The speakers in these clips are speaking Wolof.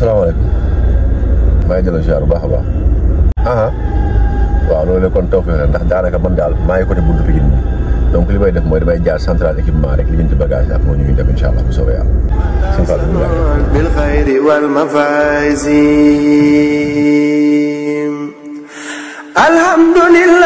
salaamaaleykum maa ngi jëloon ziar bu baax a baax ah waaw loolu la kon tawfeex la ndax daanaka man daal maa ngi côté buntu bi donc li may def mooy damay jaar central équipement rek li jëm ci bagage ak moo ñu ngi dem incha allah bu soobee yàlla. sëñ Fall bil xayri wal mafaazi alhamdulillah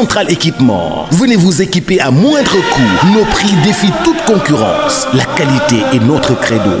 Central Équipement. Venez vous équiper à moindre coût. Nos prix défient toute concurrence. La qualité est notre credo.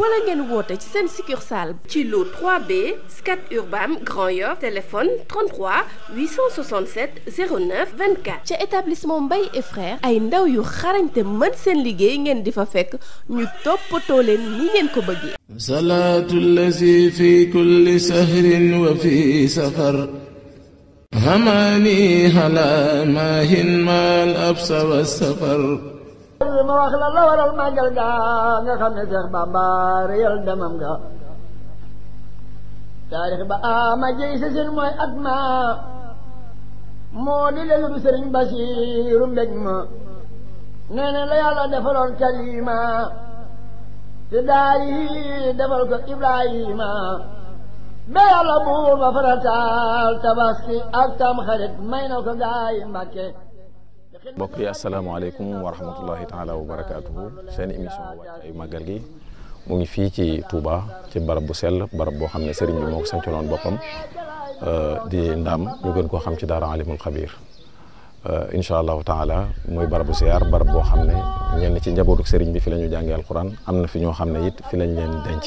wala ngeen woote ci seen succursale ci lu 3B Scat Urbam Grand Yoff téléphone ca établissement Mbaye et ay ndaw yu xarañte mën seen liggéey ngeen di fa fekk ñu toppatoo leen ni ngeen ko bëggee salaatu lazi fi kulli sahrin wa fi safar hamaani hala maahin maal absa wa safar ma wax la la waral màggal ga nga xam ne Seex Bàmba réyal demam ga taarix ba ama jëy sa sin mooy at ma moo di lelu du sëriñ Basiiru mbég ma nee na la defaloon Kalima te daay yi ko Ibrahima ba yàlla buur ba farataal tabaski ak tam xarit may na ko gaay Mbàkke mbokk yi asalaamaaleykum wa rahmatullahi taala wa barakaatuhu seen émission ay màggal gi mu ngi fii ci Touba ci barab bu sell barab boo xam ne seriñ bi moo ko sancaloon boppam euh, di ndaam ñu gën koo xam ci daara alimul xabiir euh, incha allahu taala mooy barabu siyaar barab boo xam ne ñenn ci njabootu sëriñ bi fi la ñu jàngee alquran am na fi ñoo xam ne it fi lañ leen denc.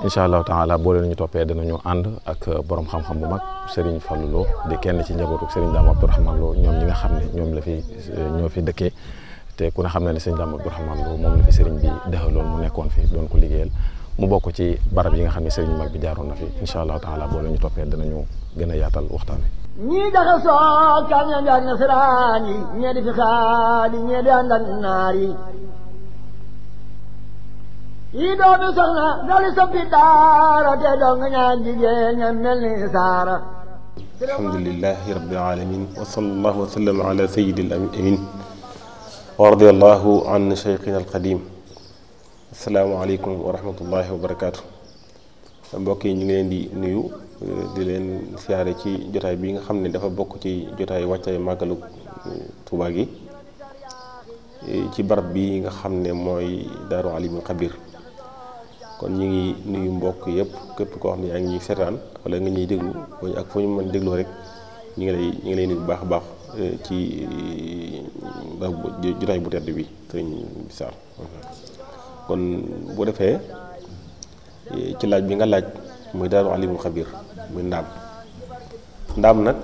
incha allahu taala boo leen ñu toppee danañu ànd ak uh, borom xam-xam bu mag Serigne Fallou Lo di kenn ci njabootu Serigne Dame Abdourahmane loo ñoom ni nga xam ne ñoom la fi uh, ñoo fi dëkkee te ku ne xam ne ne Serigne Dame Abdourahmane Lo moom la bi dexaloon mu nekkoon fi doon ko liggéeyal mu bokk ci barab yi nga xam ne Serigne mag bi jaaroon na fi incha allahu taala boo leen ñu toppee danañu gën a yaatal waxtaan wi. ñii dafa soog kàmm yaa ngi ak nasaraan yi ñii di fi xaar yi di ànd ak yi doomi soxna doli soppi daara te dong ñaan jigéen ña mel ni saara alhamdulilahi rabbil alamin wa sallallahu wa sallam wa radiyallahu wa barakaatu mbokk yi ñu ngi leen di nuyu di leen siyaare ci jotaay bi nga xam ne dafa bokk ci jotaay wàccaay màggalu Tuubaa ci barab bi nga xam ne mooy daaru alimul xabir kon ñu ngi nuyu mbokk yëpp képp koo xam ne yaa ngi ñuy seetaan wala nga ñuy déglu ak fu ñu mën dégloo rek ñu ngi lay ñu ngi lay nuyu bu baax a baax euh, ci euh, jotaay bu tedd bi defee euh, ci laaj bi nga laaj muy daaru alimul xabiir muy ndaam ndaam nag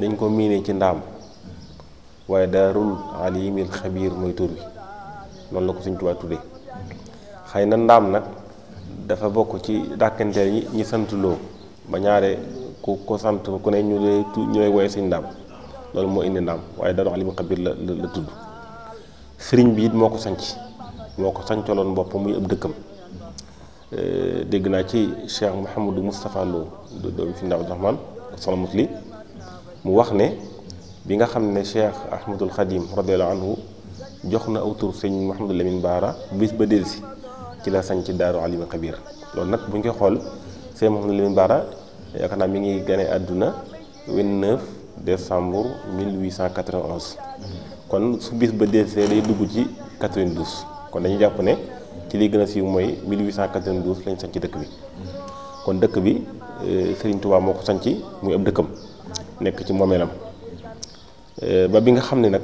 dañ ko miinee ci ndaam waaye daarul alimil xabir mooy tur bi noonu la ko Sëriñ Tuubaa tuddee xëy na ndaam nag dafa bokk ci dàkkanteel ñi ñi sant loo ba ñaare ku ko sant ku ne ñu lay ñu lay woye ndaam loolu moo indi ndaam waaye da dox li mu xabir la la tudd sëriñ bi it moo ko sanc moo ko sancaloon bopp muy ab dëkkam euh, dégg naa ci Cheikh Mouhamadou Moustapha Lo doomi fi Ndaw Abdourahmane salamut li mu wax ne bi nga xam ne Cheikh Ahmadul Xadim radiyallahu anhu jox na aw tur sëñ Mouhamadou Lamine Baara bis ba delsi ci la sañ ci daaru alima kabir loolu nag bu ñu koy xool Sëriñ Mouhamadou Lamine Bara yaakaar naa mi ngi gane àdduna 29 décembre 1891 kon su biis ba desee day dugg ci 92 kon dañu jàpp ne ci li gën a siiw mooy 1892 lañ sañ ci dëkk bi kon dëkk bi euh, Serigne Touba moo ko sañc muy ab dëkkam nekk ci moomeelam euh, ba bi nga xam ne nag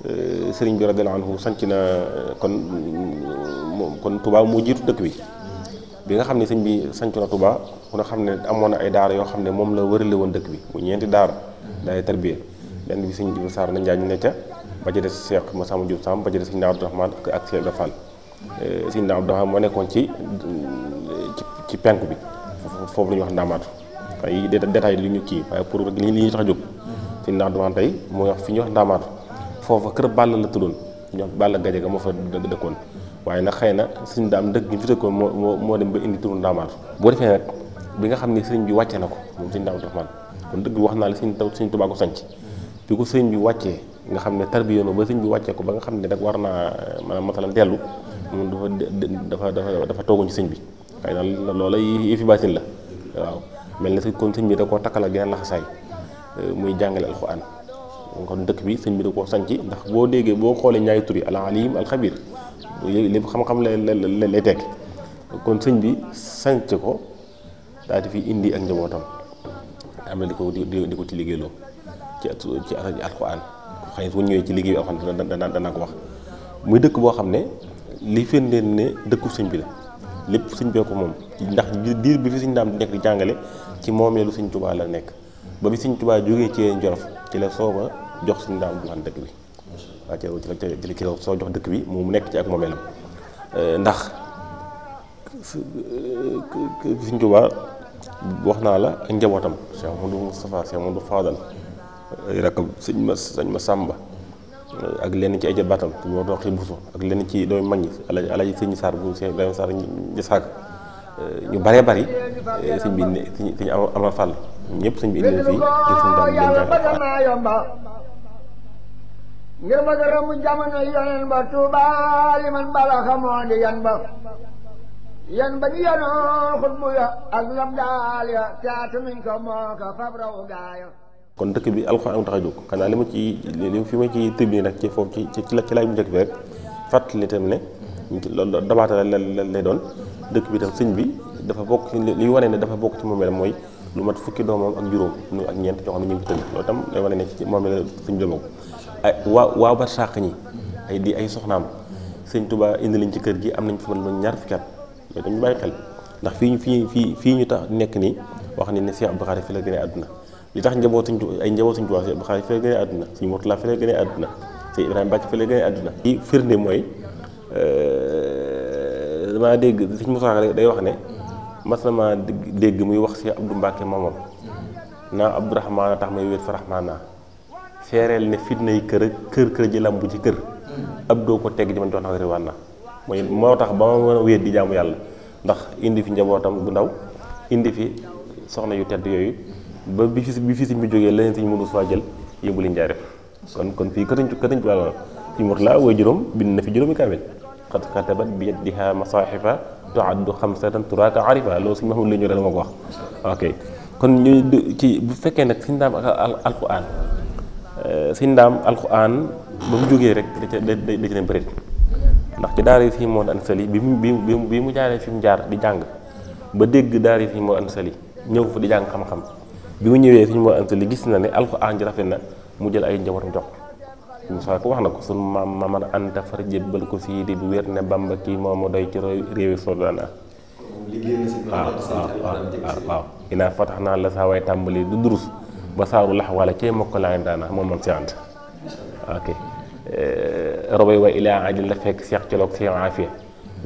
Euh, sëriñ bi radiyallahu anhu sanc na euh, kon kon Touba moo jiitu dëkk bi bi nga xam ne sëñ bi sanc na Touba ku na xam ne amoon na ay daara yoo xam ne moom la wërale woon dëkk bi mu ñeenti daara daay tarbiya benn bi sëñ Jibril Sarr na Njaañ ne ca ba ci des Cheikh Massamba Diop Samb ba ci des sëñ Abdou Rahman ak Cheikh Ibra Fall euh, sëñ Abdou Rahman moo nekkoon ci ci penku bi foofu lañu wax ndaamaatu ay détail li ñu kii waaye pour li ñu tax jóg sëñ Abdou Rahman tey mooy wax fi ñuy wax ndaamaatu foofa kër Balla la tuddoon ñoom Balla Gajaga moo fa dëkkoon waaye nag xëy na suñu daam dëkk gi fi dëkkoon moo moo dem ba indi turu ndaamaatu boo defee nag bi nga xam ne sëriñ bi wàcce na ko moom suñu daam Abdourahmane kon dëgg bi wax naa la suñ taw suñ Tuubaa ko sanc bi ko nga xam ne tarbiya ba sëriñ bi wàccee ko ba nga xam ne nag war naa a masalan dellu moom dafa dafa dafa toogoon ci sëñ bi xëy na loola yëfi baatin la waaw mel na si kon sëñ bi da koo takkal ak geneen laxasaay muy jàngale alxuraan kon dëkk bi sëñ bi da koo sanc ndax boo déggee boo xoolee ñaari tur yi al alim al xabir lépp xam-xam la la lay tekk kon sëñ bi sanc ko daal di fi indi ak njabootam am na di ko di ko ci liggéeyloo ci ci rajo alquran xëy na ñëwee ci liggéey bi alquran dana dana ko wax muy dëkk boo xam ne li firndeel ne dëkku sëñ bi la lépp sëñ bee ko moom ndax diir bi fi sëñ daam di nekk di jàngale ci moom la lu sëñ Tuubaa la nekk ba bi sëñ Tuubaa jógee ci Jolof ci la sooba jox suñu daam duxaan dëkk bi waaw ci la ci soo jox dëkk bi mu nekk ci ak moomeelam euh, ndax euh, Sëñ Tuubaa wax naa la ak njabootam Cheikh Modou Moustapha Cheikh Modou Fadal rakam ma sëñ ma Sàmba euh, ak lenn ci ay jabaatam moo dox ci buso ak lenn ci dooy mag ñi alaji sëñ Saar bu Cheikh Ibrahima Saar Ndiassaka ñu baree bari sëñ bi ne sëñ amal fàll ñëpp sëñ bi indi fii ngir suñu daan leen jàngal ngir bëgg rëmb jamono yonen ba Tuuba li man bala xamoo di yan ba yan ba ñu yanoo xutbu ya ak lam daal ya caatu miñ ko moo ko fab raw gaaya kon dëkk bi alxuraan tax a jóg xanaa li ma ci li fi ma ci tëb nii nag ci foofu ci ci ci laaj bu njëkk bi rek fàttali tam ne loolu dabaata la lay doon dëkk bi tam sëñ bi dafa bokk li wane ne dafa bokk ci moomeel mooy lu mat fukki doomam ak juróom ak ñeent ñoo xam ñu ngi tëdd loolu tam lay wane ne ci moomeel sëñ bi la bokk ay waa waa barsàq ñi ay di ay soxnaam sëñ tubaa indi lañ ci kër gi am nañ fa man ñaar fukki at mais dañu bàyyi xel ndax fii ñu fii fii fii ñu tax nekk nii wax ni ne Cheikh Abdou Khadre fi la gënee àdduna li tax njaboot sëñ ay njaboot sëñ Touba Cheikh Abdou Khadre fi la gënee àdduna sëñ Mourtala fi la gënee àdduna sëñ Ibrahima mooy euh, damaa dégg sëñ Moussa day wax ne mas na dégg muy wax Cheikh Abdou Mbacke maamam naa Abdourahmaan a tax may wéet fa rahmaanaa seereel ne fitna yi kër kër kër ji lambu ci kër mm. ab doo ko teg ji man jox na riwaan na mooy moo tax ba ma mën di jaamu yàlla ndax indi fi njabootam bu ndaw indi fi soxna yu tedd yooyu ba bi fi bi fi siñ bi jógee leneen siñ mënu jël yóbbu li jaaref kon kon fii këtañ këtañ wàll na siñ mot laa way juróom bind na fi juróomi kaamil xat xatabat bi yadiha masaaxifa tuaddu xamsatan turaaka arifa loolu suñu maxamul li ñu dal ma ko wax ok kon ñu ci bu fekkee nag suñu daam ak alquran Euh, sëñ ndaam alxuraan ba mu jógee rek da ca da ca dem bëri ndax ci daara yi sëñ Moodu Anta Sali bi mu bi mu bi mu jaaree fi mu jaar di jàng ba dégg daara yi sëñ Moodu Anta Sali ñëw fa di jàng xam-xam bi mu ñëwee sëñ Moodu Anta Sali gis na ne alxuraan ji rafet na mu jël ay njabootam jox ko ko wax na ko sunu maam maman Anta far jébbal ko sii di bu wér ne Bamba kii moo ma doy ci réewi Soodaan waaw waaw waaw inaa fatax naa la saa waay tàmbali du durus basaaru lax wala cee mokkalaani daana moom moom si ànd ok eh, robay wa ilaa adin la fekk seex coloog seex aafiya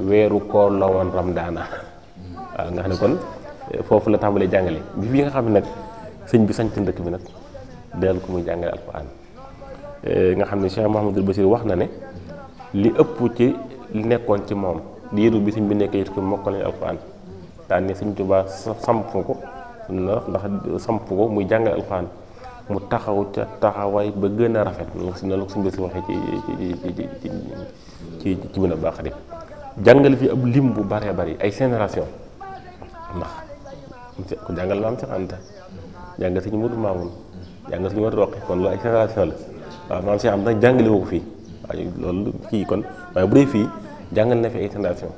weeru koor la woon ram daana ah, waaw nga xam ne kon eh, foofu la tàmbalee jàngale bi fi nga xam ne nag sëñ bi sañc ndëkk bi nag dal muy jàngale eh, nga xam ne Cheikh Mouhamadul wax na ne li ëpp ci li nekkoon ci moom diiru bi sëñ bi nekkee yit ko mokkalaani alquran daan ne sëñ Tuubaa samp ko ndax ndax samp ko muy jàngale alxuraan mu taxaw ca taxawaay ba gën a rafet noonu la ko suñu bés waxee ci ci mën a baax rek jàngale fi ab lim bu baree bari ay génération ndax ku jàngal maam Cheikh Anta si ñu Modou Mamoun jàngal si ñu Modou Roqe kon loolu ay génération jàngale woo ko fii waaye loolu kii kon waaye bu dee fii jàngal na fi ay génération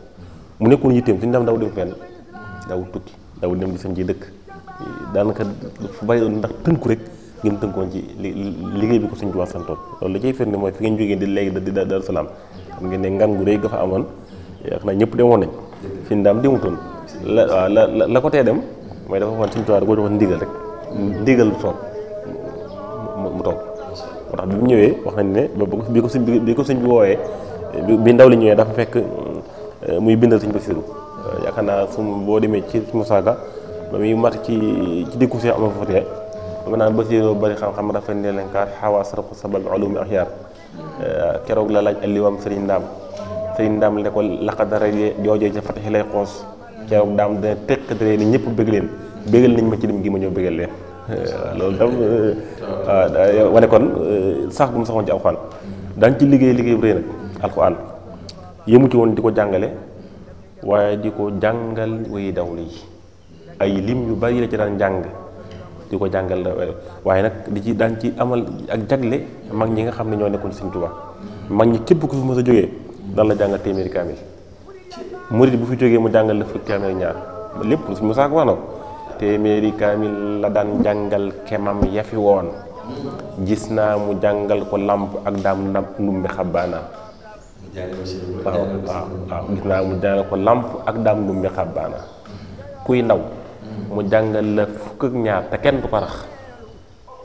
mu nekkoon yitteem suñu dam daw dem fenn daw tukki daw dem gisam ci dëkk daanaka fu bay doon ndax tënku rek ngeen tënkoon ci liggéey bi ko suñ tubaab santoon loolu la cay firnde mooy fi ngeen jógee di léegi di Daaru Salaam xam ngeen ne amoon yaakaar naa ñëpp demoon nañ fi daam demutoon la waaw la la ko tee dem mooy dafa waxoon suñ tubaab ko joxoon ndigal ndigal toog toog moo bi mu ñëwee wax nañ ne bi ko suñ bi ko suñ bi woowee bi ndaw li ñëwee dafa fekk euh, muy bindal suñ Basiru euh, yaakaar naa su boo demee ci mu Ka ba muy mat ci ci dikku see ama fatee ma naan basiiroo bari xam-xam rafet ne lenkaat xawaa sarxu sabal ulumi axyaar eh, keroog la laaj alliwaam sëriñ ndaam sëriñ ndaam ne ko laqadara joojee ca fataxi lay xoos keroog daam dana teqatale ni ñëpp bëgg leen bëggal nañ ma ci dem gi ma ñëw bëggal leen eh, loolu eh, kon sax bu mu saxoon ci alxuraan daan ci liggéey liggéey bu rëy nag alxuraan yëmu ci woon di ko jàngale waaye di ko jàngal way dawlu yi ay lim yu bari la ci daan jàng di ko jàngal waaye nag di ci daan ci amal ak jagle mag ñi nga xam ne ñoo nekkoon Sëriñ Tuubaa mag ñi képp ku fi mës a jógee daan la jàngal téeméeri kaamil bu fi jógee mu jàngal la fukki lépp su mu saako wax na téeméeri kaamil la daan jàngal kemam ya fi gis naa mu jàngal ko làmp ak daam ndàmp ndumbe xabbaana waaw waaw waaw gis naa mu jàngal ko làmp ak daam ndumbe xabbaana kuy ndaw mu jàngal la fukk ak ñaar te kenn du ko rax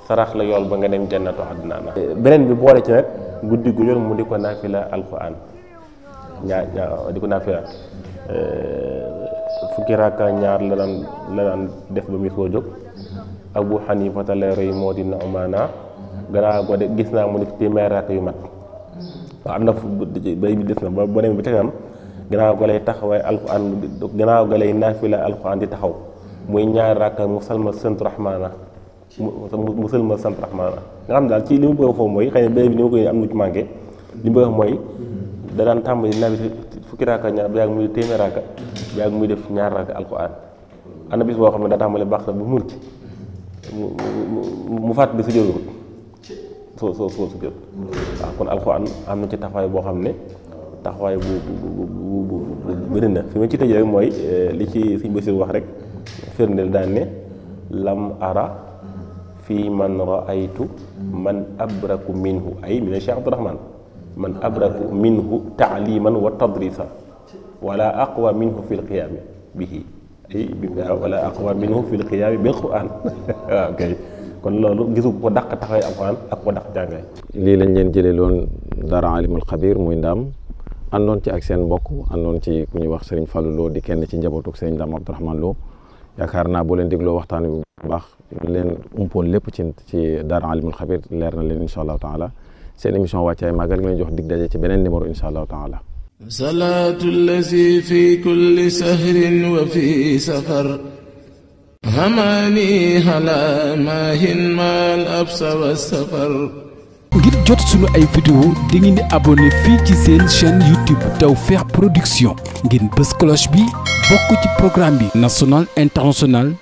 sarax la yool ba nga dem jannatu adnaan beneen bi boole ci nag guddi gu jot mu di ko naafila alquran ñaar ñaar di ko naafila euh, fukki raaka ñaar la daan la daan def ba muy soo jóg abu xanifa te lay roy moo di na umaana gannaaw boo de gis naa mu nekk téeméer raaka yu mat waaw am na fu bay bi def na ba boo demee ba ca kanam gannaaw ga lay taxawaay alquran gannaaw ga lay naafila alquran di taxaw muy ñaari rakka mu salma sant rahmaana mu salma sant rahmaana nga xam daal ci li mu bëgg a foofu mooy xëy na benn bi ni mu koy am nu ci manqué li mu mooy da daan tàmbali nawet fukki rakka ñaar ba yàgg muy muy def ñaar rakka alquran am na boo xam ne daa tàmbali baax na bu mur ci mu mu mu fàttali kon alquran na ci taxawaay boo xam ne taxawaay bu bu bëri na fi ma ci tëjee mooy li ci sëñ Basiru wax rek. firndeel daan ne lam ara fii man raaytu man abraku minhu ay mina cheikh abdourahman man abraku minhu taaliman wa tadrisa wala aqwa minhu fi lqiyaami bihi ay bi wala aqwa minhu fi lqiyaami bil quran kon loolu gisu ko daq taxawee alquran ak ko daq jàngay lii lañ leen jëlee loon dara alimul xabir muy ndaam àndoon ci ak seen mbokk àndoon ci ku ñuy wax sëriñ Fallou Lo di kenn ci njabootuk sëriñ Ndam Abdourahman loo yaakaar naa boo leen dégloo waxtaan wi bu baax leen umpoon lépp ci ci daara alimul xabir leer na leen incha allahu taala seen émission wàccaay màggal ngi jox dig daje ci beneen numéro incha allahu taala salaatu allazi fi kulli sahrin wa fi safar hamani hala maahin maal absa wa safar ngir jot sunu ay vidéo di ngeen di abonné fii ci seen chaîne YouTube feex Production ngir bës cloche bi bokk ci programme bi national international